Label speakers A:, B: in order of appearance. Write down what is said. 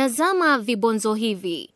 A: Tazama vibonzo hivi.